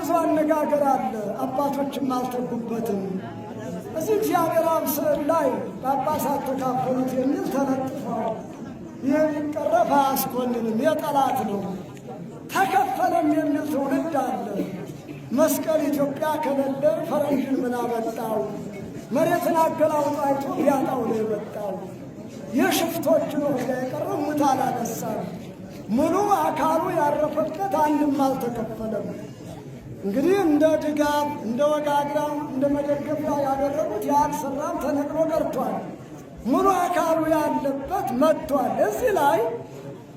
ብዙ አነጋገር አለ፣ አባቶችም አልተጉበትም። እዚህ እግዚአብሔር አብ ስዕል ላይ በአባሳት ተካፈሉት የሚል ተለጥፏል። ይህ የሚቀረፍ አያስኮንንም፣ የጠላት ነው። ተከፈለም የሚል ትውልድ አለ። መስቀል ኢትዮጵያ ከሌለ ፈረንጅን ምን አመጣው? መሬትን አገላውጦ አይቶ ያጣው ነው የመጣው። የሽፍቶች ነው የቀረው፣ ሙት አላነሳም። ሙሉ አካሉ ያረፈበት አንድም አልተከፈለም። እንግዲህ እንደ ድጋፍ እንደ ወጋግራ እንደ መደገፊያ ያደረጉት ያልሰራም ተነግሮ ቀርቷል። ሙሉ አካሉ ያለበት መጥቷል። እዚህ ላይ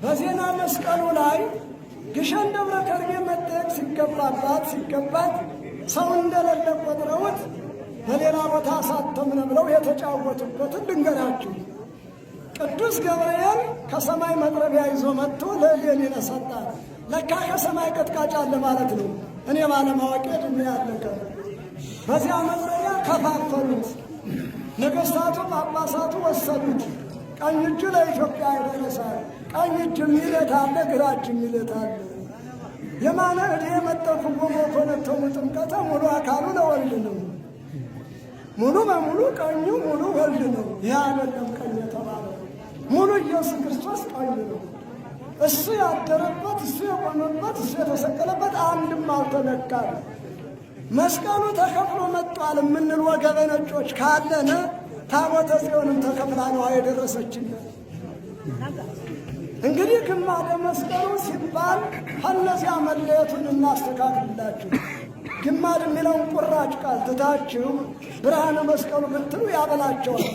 በዜና መስቀሉ ላይ ግሸን ደብረ ከርቤ መጠየቅ ሲገባባት ሲገባት ሰው እንደሌለ ቆጥረውት በሌላ ቦታ አሳተምን ብለው የተጫወቱበትን ልንገራችሁ። ቅዱስ ገብርኤል ከሰማይ መጥረቢያ ይዞ መጥቶ ለሌሊን ሰጣ። ለካ ከሰማይ ቀጥቃጫ አለ ማለት ነው። እኔ ባለማወቅ ድሜ ያለቀ በዚያ መመሪያ ከፋፈሉት። ነገስታቱ ጳጳሳቱ ወሰዱት። ቀኝ እጁ ለኢትዮጵያ የደረሰ ቀኝ እጅ የሚለት አለ፣ ግራ እጅ የሚለት አለ። የማነ እድሄ መጠፉ ጎሞ ኮነተሙ ጥምቀተ ሙሉ አካሉ ለወልድ ነው። ሙሉ በሙሉ ቀኙ ሙሉ ወልድ ነው። ይህ አይደለም ቀኝ የተባለው ሙሉ ኢየሱስ ክርስቶስ ቀኝ ነው። እሱ ያደረበት፣ እሱ የቆመበት፣ እሱ የተሰቀለበት አንድም አልተነካል። መስቀሉ ተከፍሎ መጥቷል የምንል ነጮች ካለነ ታቦተ ጽዮንም ተከፍላ ነው የደረሰችን። እንግዲህ ግማደ መስቀሉ ሲባል ከነዚያ መለየቱን እናስተካክልላችሁ። ግማድ የሚለውን ቁራጭ ቃል ትታችሁ ብርሃነ መስቀሉ ብትሉ ያበላቸዋል።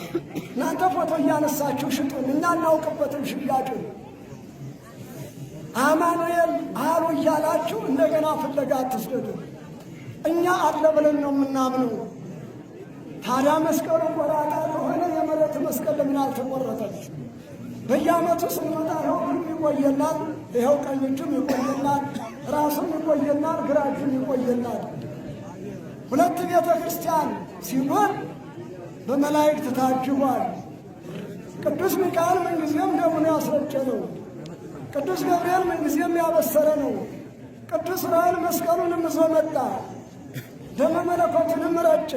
እናንተ ፎቶ እያነሳችሁ ሽጡን፣ እኛ እናውቅበትም ሽያጩን አማኑኤል አሉ እያላችሁ እንደገና ፍለጋ አትስደዱ። እኛ አለ ብለን ነው የምናምነው። ታዲያ መስቀሉ ቆራጣ ለሆነ የመሬት መስቀል ለምን አልተቆረጠች? በየዓመቱ ስንመጣ ይኸው ይቆየናል። ይኸው ቀኝ እጁም ይቆየናል፣ ራሱም ይቆየናል፣ ግራ እጁም ይቆየናል። ሁለት ቤተ ክርስቲያን ሲኖር በመላእክት ታጅቧል። ቅዱስ ሚካኤል ምንጊዜም ደሙን ያስረጨ ነው። ቅዱስ ገብርኤል ምንጊዜም ያበሰረ ነው። ቅዱስ ዑራኤል መስቀሉንም ይዞ መጣ፣ ደመ መለኮቱንም ረጨ።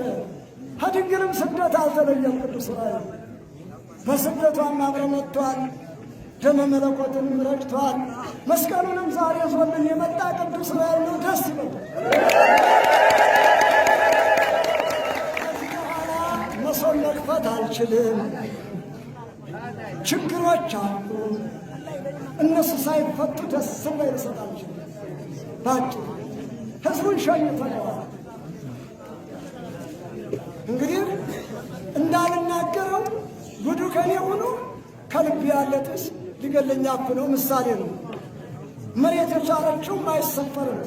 ከድንግልም ስደት አልተለየም። ቅዱስ ዑራኤል በስደቷም አብረ መጥቷል። ደመ መለኮቱንም ረጭቷል። መስቀሉንም ዛሬ ዞልን የመጣ ቅዱስ ዑራኤል ነው። ደስ ይበል። መሶን መቅፈት አልችልም፣ ችግሮች አሉ እነሱ ሳይፈቱ ደስ ብሎ ይሰጣል። ባጭሩ ህዝቡን ሸኝተነዋል። እንግዲህ እንዳልናገረው ጉዱ ከኔ ሆኖ ከልብ ያለ ጥስ ሊገለኝ ነው። ምሳሌ ነው። መሬት የቻለችው አይሰፈርም፣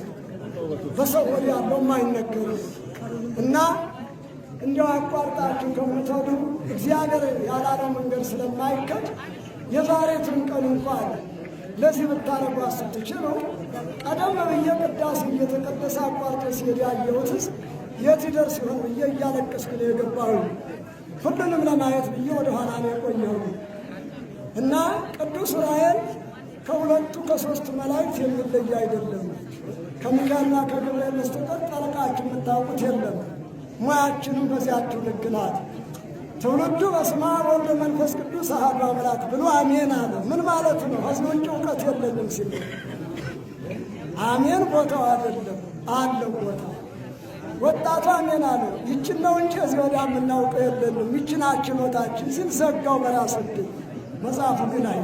በሰው ወዲ ያለው ማይነገር እና እንዲያው አቋርጣችሁ ከምትሄዱ እግዚአብሔር ያላለ መንገድ ስለማይከድ የዛሬቱን ቀን እንኳን ለዚህ ብታረጉ ስትችሉ ቀደም ብዬ ቅዳሴ እየተቀደሰ አቋርጦ ሲሄድ ያየሁትስ የት ይደርስ ይሆን ብዬ እያለቀስኩ ነው የገባሁ። ሁሉንም ለማየት ብዬ ወደኋላ ነው የቆየሁ እና ቅዱስ ዑራኤል ከሁለቱ ከሦስቱ መላእክት የሚለይ አይደለም። ከሚካኤልና ከገብርኤል በስተቀር ጠለቃችሁ የምታውቁት የለም። ሙያችንም በዚያችሁ ልክ ናት። ትውልዱ በስመ አብ ወወልድ ወመንፈስ ቅዱስ አሐዱ አምላክ ብሎ አሜን አለ። ምን ማለት ነው? ከዚህ ውጭ እውቀት የለኝም ሲል አሜን ቦታው አይደለም አለው ቦታ ወጣቱ አሜን አለ። ይችን ነው እንጂ እዚህ ወዲያ የምናውቀው የለንም ይችን አችሎታችን ሲል ዘጋው በራሱ ድል መጽሐፉ ግን አይ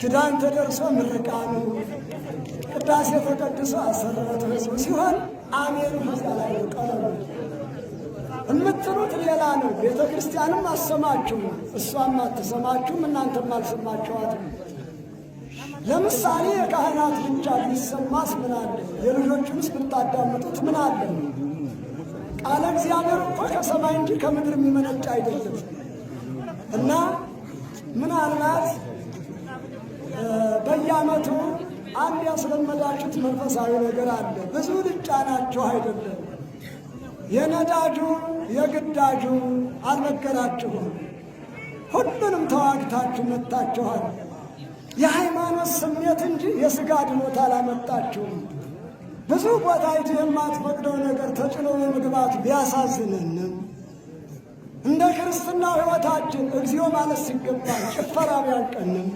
ኪዳን ተደርሶ ምርቃኑ ቅዳሴ ተቀድሶ ህዝቡ ሲሆን አሜን ዛ ላይ ቀለበት የምትሉት ሌላ ነው። ቤተ ክርስቲያንም አሰማችሁ፣ እሷም አትሰማችሁም፣ እናንተም አልሰማችኋትም። ለምሳሌ የካህናት ብቻ ቢሰማስ ምን አለ? የልጆች ምስ ብታዳምጡት ምን አለ? ቃለ እግዚአብሔር እኮ ከሰማይ እንጂ ከምድር የሚመነጭ አይደለም እና ምናልባት በየዓመቱ አንድ ያስለመዳችሁት መንፈሳዊ ነገር አለ። ብዙ ልጫናችሁ አይደለም የነዳጁ የግዳጁ አልመከራችሁም። ሁሉንም ተዋግታችሁ መጥታችኋል። የሃይማኖት ስሜት እንጂ የሥጋ ድኖት አላመጣችሁም። ብዙ ቦታ ይቱ የማትፈቅደው ነገር ተጭኖ በመግባቱ ቢያሳዝንንም እንደ ክርስትና ሕይወታችን እግዚኦ ማለት ሲገባ ጭፈራ ቢያልቀንም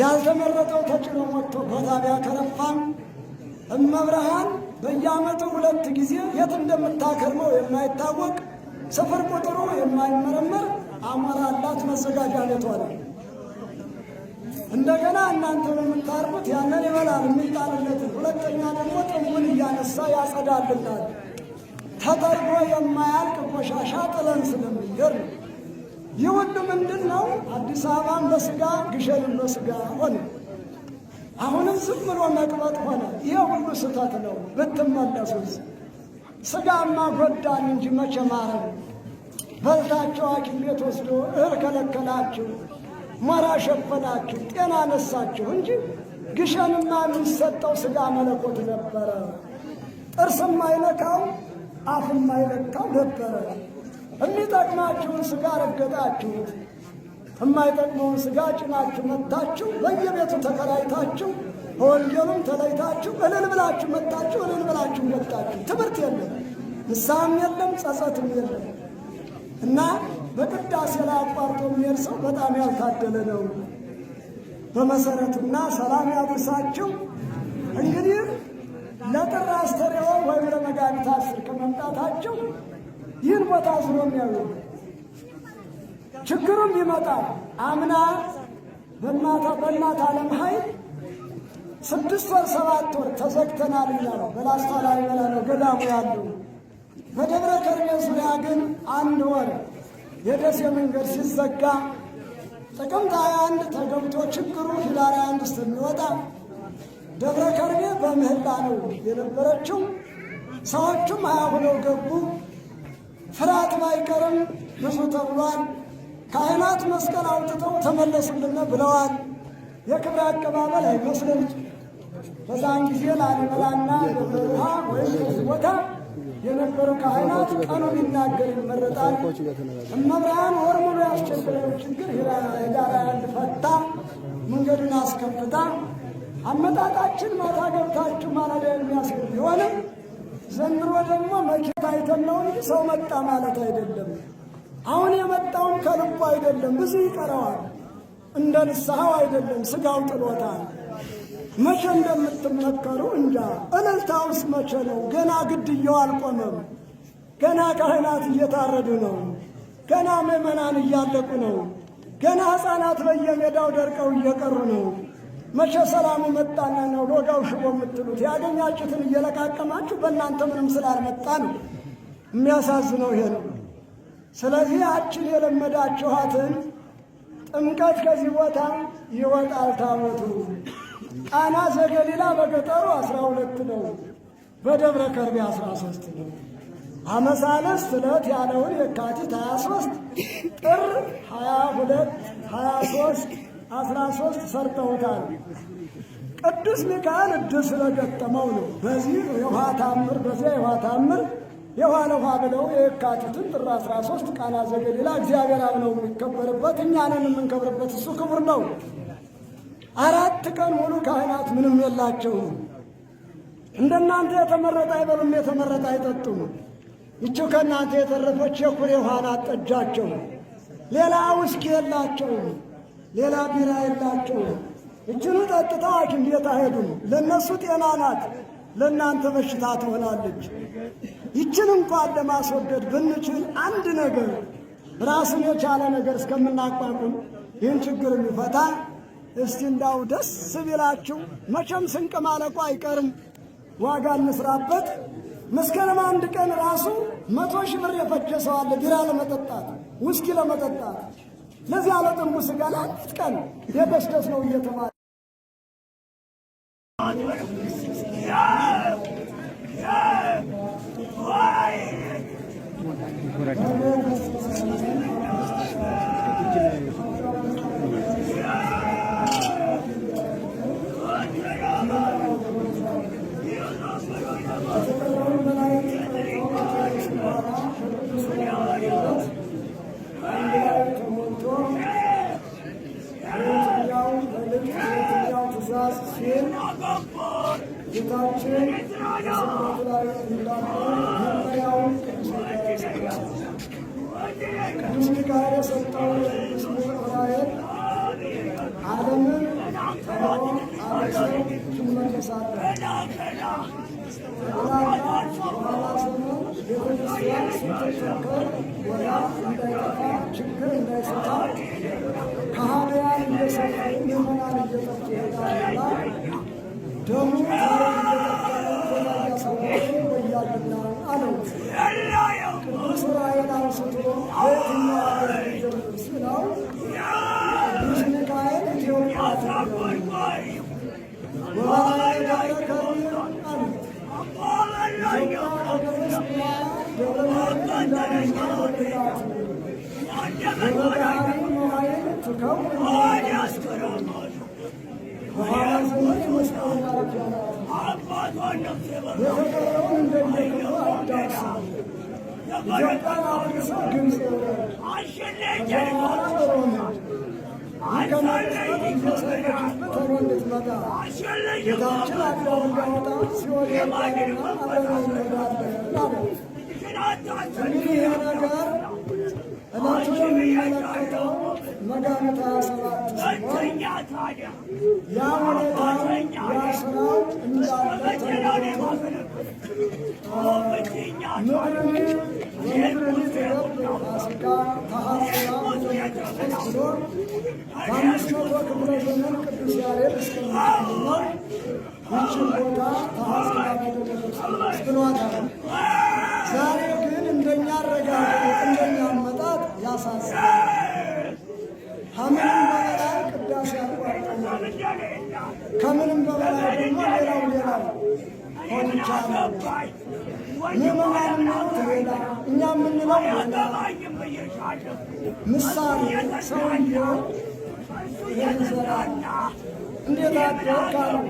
ያልተመረጠው ተጭኖ ወጥቶ ቦታ ቢያከረፋም እመብርሃን በየዓመቱ ሁለት ጊዜ የት እንደምታከርመው የማይታወቅ ስፍር ቁጥሩ የማይመረመር አሞራ አላት መዘጋጃ ቤቷ ነው። እንደገና እናንተ የምታርቡት ያንን ይበላል የሚጣልለትን፣ ሁለተኛ ደግሞ ጥንቡን እያነሳ ያጸዳልናል። ተጠርጎ የማያልቅ ቆሻሻ ጥለን ስለሚገር ይህ ሁሉ ምንድን ነው? አዲስ አበባን በስጋ ግሸንን በስጋ ሆነ። አሁንም ዝም ብሎ መቅበጥ ሆነ። ይህ ሁሉ ስህተት ነው ብትመለሱት። ስጋማ ጎዳን እንጂ መቼ ማረን። በልታችሁ ሐኪም ቤት ወስዶ እህል ከለከላችሁ፣ ሞራ ሸፈናችሁ፣ ጤና ነሳችሁ እንጂ ግሸንማ የሚሰጠው ስጋ መለኮት ነበረ። ጥርስም አይለካው አፍም አይለካው ነበረ። የሚጠቅማችሁን ስጋ ረገጣችሁት። የማይጠቅመውን ስጋ ጭናችሁ መታችሁ በየቤቱ ተከራይታችሁ በወንጀሉም ተለይታችሁ እልል ብላችሁ መታችሁ እልል ብላችሁ መታችሁ። ትምህርት የለም፣ ንስሐም የለም፣ ጸጸትም የለም እና በቅዳሴ ላይ አቋርጦ የሚሄድ ሰው በጣም ያልታደለ ነው። በመሰረቱና ሰላም ያድርሳችሁ። እንግዲህ ለጥር አስተርእዮ ወይም ለመጋቢት አስር ከመምጣታቸው ይህን ቦታ ዝሮ የሚያዩ ችግሩም ይመጣል። አምና በእናት ዓለም ኃይል ስድስት ወር ሰባት ወር ተዘግተናል እያለው በላስታ ላይ በላ ነው ገዳሙ ያሉ በደብረ ከርሜ ዙሪያ ግን አንድ ወር የደሴ መንገድ ሲዘጋ ጥቅምት 21 ተገብቶ ችግሩ ሂዳር 21 ስንወጣ ደብረ ከርቤ በምህላ ነው የነበረችው። ሰዎቹም ሀያ ሁነው ገቡ። ፍርሃት ባይቀርም ብዙ ተብሏል። ካህናት መስቀል አውጥተው ተመለሱልን ብለዋል። የክብር አቀባበል አይመስልም። በዛን ጊዜ ላሊበላና ደብረ ወይም ቦታ የነበሩ ካህናት ቀኑ ሊናገር ይመረጣል። እመብርሃን ወር ሙሉ ያስቸገረው ችግር ያል ፈታ፣ መንገዱን አስከፍታ አመጣጣችን ማታ ገብታችሁ ማለዳ የሚያስገብ ቢሆንም ዘንድሮ ደግሞ መኪና አይተን ነው እንጂ ሰው መጣ ማለት አይደለም። አሁን የመጣውም ከልቡ አይደለም፣ ብዙ ይቀረዋል። እንደ ንስሐው አይደለም፣ ስጋው ጥሎታል። መቼ እንደምትመከሩ እንጃ። እልልታውስ መቼ ነው? ገና ግድያው አልቆመም። ገና ካህናት እየታረዱ ነው። ገና ምዕመናን እያለቁ ነው። ገና ሕፃናት በየሜዳው ደርቀው እየቀሩ ነው። መቼ ሰላሙ መጣና ነው ሎጋው ሽቦ የምትሉት? ያገኛችሁትን እየለቃቀማችሁ በእናንተ ምንም ስላልመጣ ነው። የሚያሳዝነው ይሄ ነው። ስለዚህ አችን የለመዳችኋትን ጥምቀት ከዚህ ቦታ ይወጣል ታቦቱ። ቃና ዘገሊላ በገጠሩ አስራ ሁለት ነው፣ በደብረ ከርቤ አስራ ሶስት ነው። አመሳለስ ስለት ያለውን የካቲት ሀያ ሶስት ጥር ሀያ ሁለት ሀያ ሶስት አስራ ሶስት ሰርተውታል። ቅዱስ ሚካኤል እድል ስለገጠመው ነው። በዚህ የውሃ ታምር በዚያ የውሃ ታምር የዋለ ውሃ ብለው የካቲትን ጥር አስራ ሶስት ቃና ዘገሊላ እግዚአብሔር አብ ነው የሚከበርበት፣ እኛንን የምንከብርበት እሱ ክቡር ነው። አራት ቀን ሙሉ ካህናት ምንም የላቸው እንደናንተ የተመረጠ አይበሉም፣ የተመረጠ አይጠጡም። ይችው ከእናንተ የተረፈች የኩሬ ውሃ ናት ጠጃቸው። ሌላ ውስኪ የላቸውም፣ ሌላ ቢራ የላቸውም። እችኑ ጠጥተው ሐኪም ቤት አይሄዱም። ለእነሱ ጤና ናት። ለእናንተ በሽታ ትሆናለች። ይችን እንኳን ለማስወገድ ብንችል አንድ ነገር ራሱን የቻለ ነገር እስከምናቋቁም ይህን ችግር የሚፈታ እስቲ እንዳው ደስ ቢላችሁ፣ መቼም ስንቅ ማለቁ አይቀርም። ዋጋ እንስራበት። መስከረም አንድ ቀን ራሱ መቶ ሺህ ብር የፈጀ ሰው አለ ቢራ ለመጠጣት ውስኪ ለመጠጣት ለዚህ አለ ጥንቡ ስጋ ለአንዲት ቀን የደስደስ ነው እየተባለ demek? Thank you. bir kitapçı Birinci daire sektörü bir olayet alemin tamam ailesi cümle cesaret. Olaylar, olaylar sonu, bir kısmı, bir kısmı, ችግር እንዳይሰጣ ከሀዲያን እየሰጡ ምዕመናን እየጠጡ ሄዳላ ደሙ እየጠቀለ ወያድና አለው። ቅዱስ ራእይን አንስቶ በየትኛው ሀገር ሊጀምር ሲለው ቅዱስ ሚካኤል ኢትዮጵያ ወባህረ ዳረ ከሪር አሉት ኢትዮጵያ ሀገር ውስጥ Aşırı yıkıldı. Aşırı yıkıldı. እንግዲህ ይህ ነገር ዕለቱን የሚመለከተው መጋቢት ሃያ ሰባት ሲሆን ያ ሁኔታ ያ ስራው እንዳለ የፋሲካ ተሐራ ሲሆን በአምስት መቶ ክፍለ ዘመን ቅዱስ ያሬድ እስከሚሆን ይህችን ቦታ ተሐራ ቤተ ብሏታል። ዛሬ ያሳርፋል። ከምንም በበላይ ቅዳሴ ያቋርጠናል። ከምንም በበላይ ደግሞ ሌላው ሌላው ሆንቻለሁ። ምዕመናን ማለት ሌላ፣ እኛ የምንለው ሌላ ምሳሌ ሰውየው ይህን ዘራና Ünidan korkarım,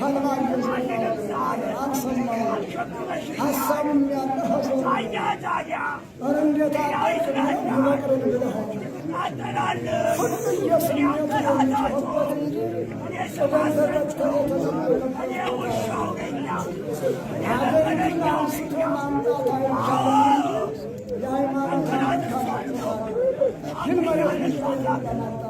tanıma gözlerim, ansızmam, hassamım yandı hazırım. Önümde tatlı kula kırın bile hazırım. Hakkın yasın yatırılmış hoppatıydı, ödense de çıkartacağım ölüm. Haberin yansıtım anda atayım şalanım, yaymanın kanatlarım. Yılmanın kanatlarım.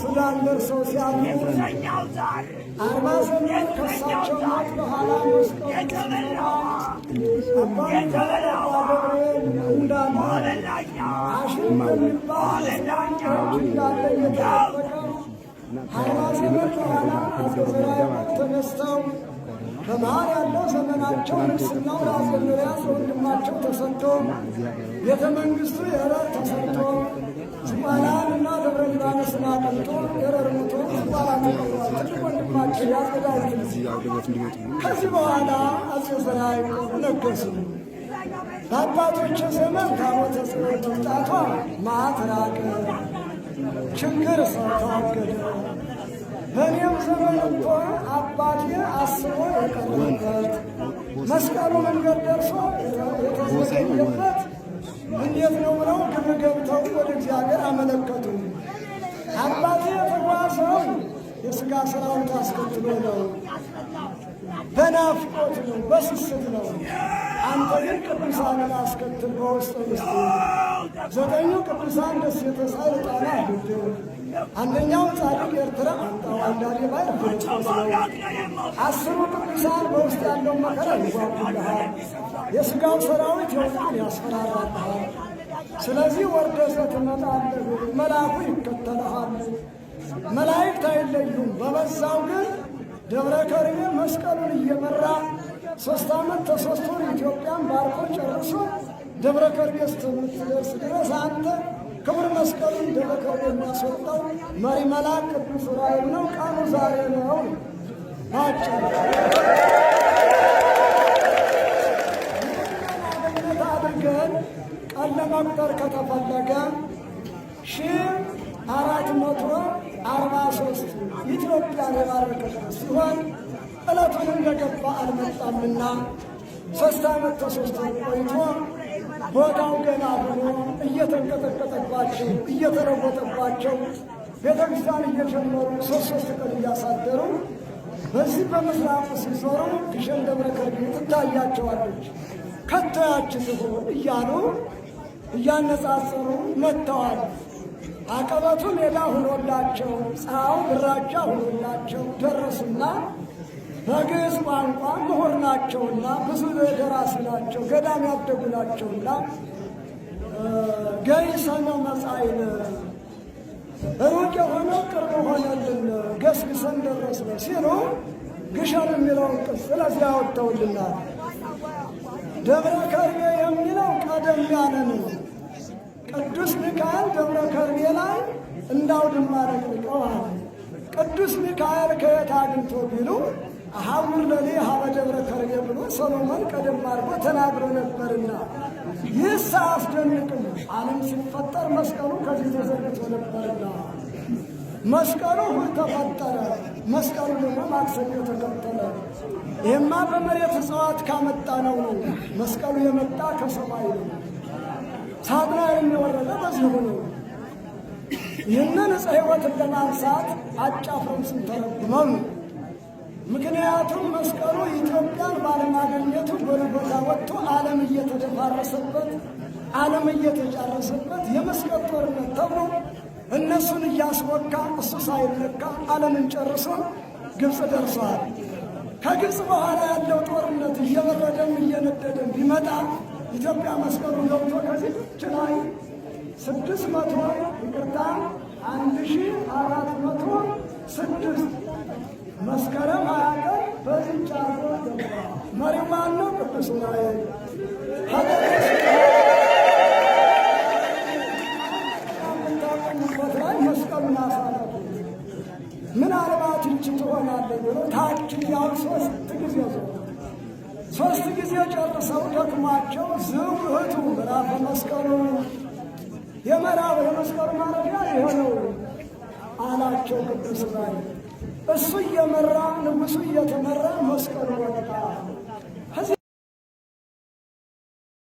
ሱዳን ደርሰው ሲያሉ አርባ ዘመን ከሳቸው ሞት በኋላ ወስደው አባ ገብርኤል እንዳሉ አሽን በሚባል እንዳለ አርባ ዘመን በኋላ አዘዘ ተነስተው በመሃል ያለው ዘመናቸው ንግስና ለአዘመሪያስ ወንድማቸው ተሰጥቶ ቤተ መንግሥቱ የዕረት ተሰጥቶ ዝቋላንና ደብረ ሊባኖስን አቅንቶ የረርሙቶ ዝቋላን ትልቅ ወንድማችን ያዘጋጅ። ከዚህ በኋላ አፄ ዘርዓ ያዕቆብ ነገሱ። በአባቶች ዘመን ታቦተ ጽዮን መምጣቷ መዓት ችግር ሰው ታገደ። በእኔም ዘመን እኮ አባቴ አስቦ የቀረበት መስቀሉ መንገድ ደርሶ የተዘገየበት እንዴት ነው ብለው ግብ ገብተው ወደ እግዚአብሔር አመለከቱ። አባቴ የተጓዘው የሥጋ ሥራውን አስከትሎ ነው፣ በናፍቆት ነው፣ በስስት ነው። አንተ ግን ቅዱሳንን አስከትል በውስጥ ውስጥ ዘጠኙ ቅዱሳን ደስ ደሴተ ጣና ግድር አንደኛው ጻድቅ ኤርትራ አንጣው አንዳሪ ባይ አስሩ ቅዱሳን በውስጥ ያለው መከራ ይዋጉልሃል፣ የስጋው ሰራዊት የውጣን ያስፈራራልሃል። ስለዚህ ወርደህ ትመጣለህ፣ መልአኩ ይከተልሃል፣ መላእክት አይለዩም። በበዛው ግን ደብረ ከርቤ መስቀሉን እየመራ ሦስት ዓመት ተሶስቶን ኢትዮጵያን ባርኮ ጨርሶ ደብረ ከርቤ እስክትደርስ ድረስ አንተ ክብር መስቀሉን ደረከው የሚያስወጣው መሪ መልአክ ቅዱስ ዑራኤል ነው። ቃሉ ዛሬ ነው ናቸው አብነት አድርገን ቀን ከተፈለገ ሺ አራት መቶ አርባ ሶስት ኢትዮጵያን የባረከ ሲሆን እለቱን እንደገባ አልመጣምና ሶስት ዓመት ተሶስት ቆይቶ ቦታው ገና ብሎ እየተንቀጠቀጠባቸው እየተለወጠባቸው ቤተክርስቲያን እየጀመሩ ሶስት ሶስት ቀን እያሳደሩ በዚህ በምስራቁ ሲዞሩ ግሸን ደብረ ከርቤ ትታያቸዋለች። ከታያችን ይሁን እያሉ እያነጻጸሩ መጥተዋል። አቀበቱ ሜዳ ሁኖላቸው ፀሐው ብራጃ ሁኖላቸው ደረሱና በግዕዝ ቋንቋ ምሁር ናቸውና ብዙ ደራሲ ናቸው ገዳም ያደጉ ናቸውና ገይሰነ መጻእነ ሩቅ የሆነው ቅርብ ሆነልን ገስግሰን ደረስነ ሲሉ ግሸን የሚለውን ቅጽል እዚያ አወጥተውልናል። ደብረ ከርቤ የሚለው ቀደም ያለ ቅዱስ ሚካኤል ደብረ ከርቤ ላይ እንዳውድማ ረቅቀዋል። ቅዱስ ሚካኤል ከየት አግኝቶ ቢሉ ሀውር ለኔ ሀበደብረ ከርቤ ብሎ ሰሎሞን ቀደም አድርጎ ተናግሮ ነበርና ይህስ አያስደንቅም? ዓለም ሲፈጠር መስቀሉ ከዚህ ተዘግቶ ነበርና መስቀሉ ሁሉ ተፈጠረ። መስቀሉ ደግሞ ማክሰኞ ተከተለ። ይህማ በመሬት እጽዋት ካመጣ ነው ነው መስቀሉ የመጣ ከሰማይ ነው። ሳድራ የሚወረደ በዚሁ ነው። ይህንን ዕፀ ሕይወትን ለማንሳት አጫፍረም ስንተረጉመም ምክንያቱም መስቀሉ ኢትዮጵያን ባለማገኘቱ ጎልጎታ ወጥቶ ዓለም እየተደፋረሰበት ዓለም እየተጨረሰበት የመስቀል ጦርነት ተብሎ እነሱን እያስወካ እሱ ሳይለካ ዓለምን ጨርሶ ግብፅ ደርሰዋል። ከግብፅ በኋላ ያለው ጦርነት እየበረደም እየነደደም ቢመጣ ኢትዮጵያ መስቀሉ ገብቶ ከዚች ላይ ስድስት መቶ ይቅርታ አንድ ሺህ አራት መቶ ስድስት መስከረም ሀያ ቀን በዚህ ጫፎ መሪው ማነው? ቅዱስ ዑራኤል ታቁበት ላይ መስቀሉን አሳረፉ። ምናልባት ይህች ትሆናለች ብሎ ታች ያው ሶስት ጊዜ ዞ ሶስት ጊዜ ጨርሰው ደክሟቸው ዝው እህቱ ምዕራፈ መስቀሉ የምዕራብ የመስቀሉ ማረፊያ የሆነው አላቸው ቅዱስ ዑራኤል እሱ እየመራ ንጉሱ እየተመራ መስቀሉ